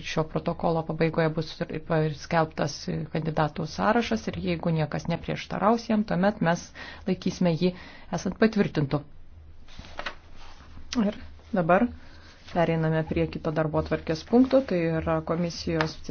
šio protokolo pabaigoje bus skelbtas kandidatų sąrašas ir jeigu niekas neprieštaraus jam, tuomet mes laikysime jį esant patvirtintų. Ir dabar pereiname prie kito darbo tvarkės punkto, tai yra komisijos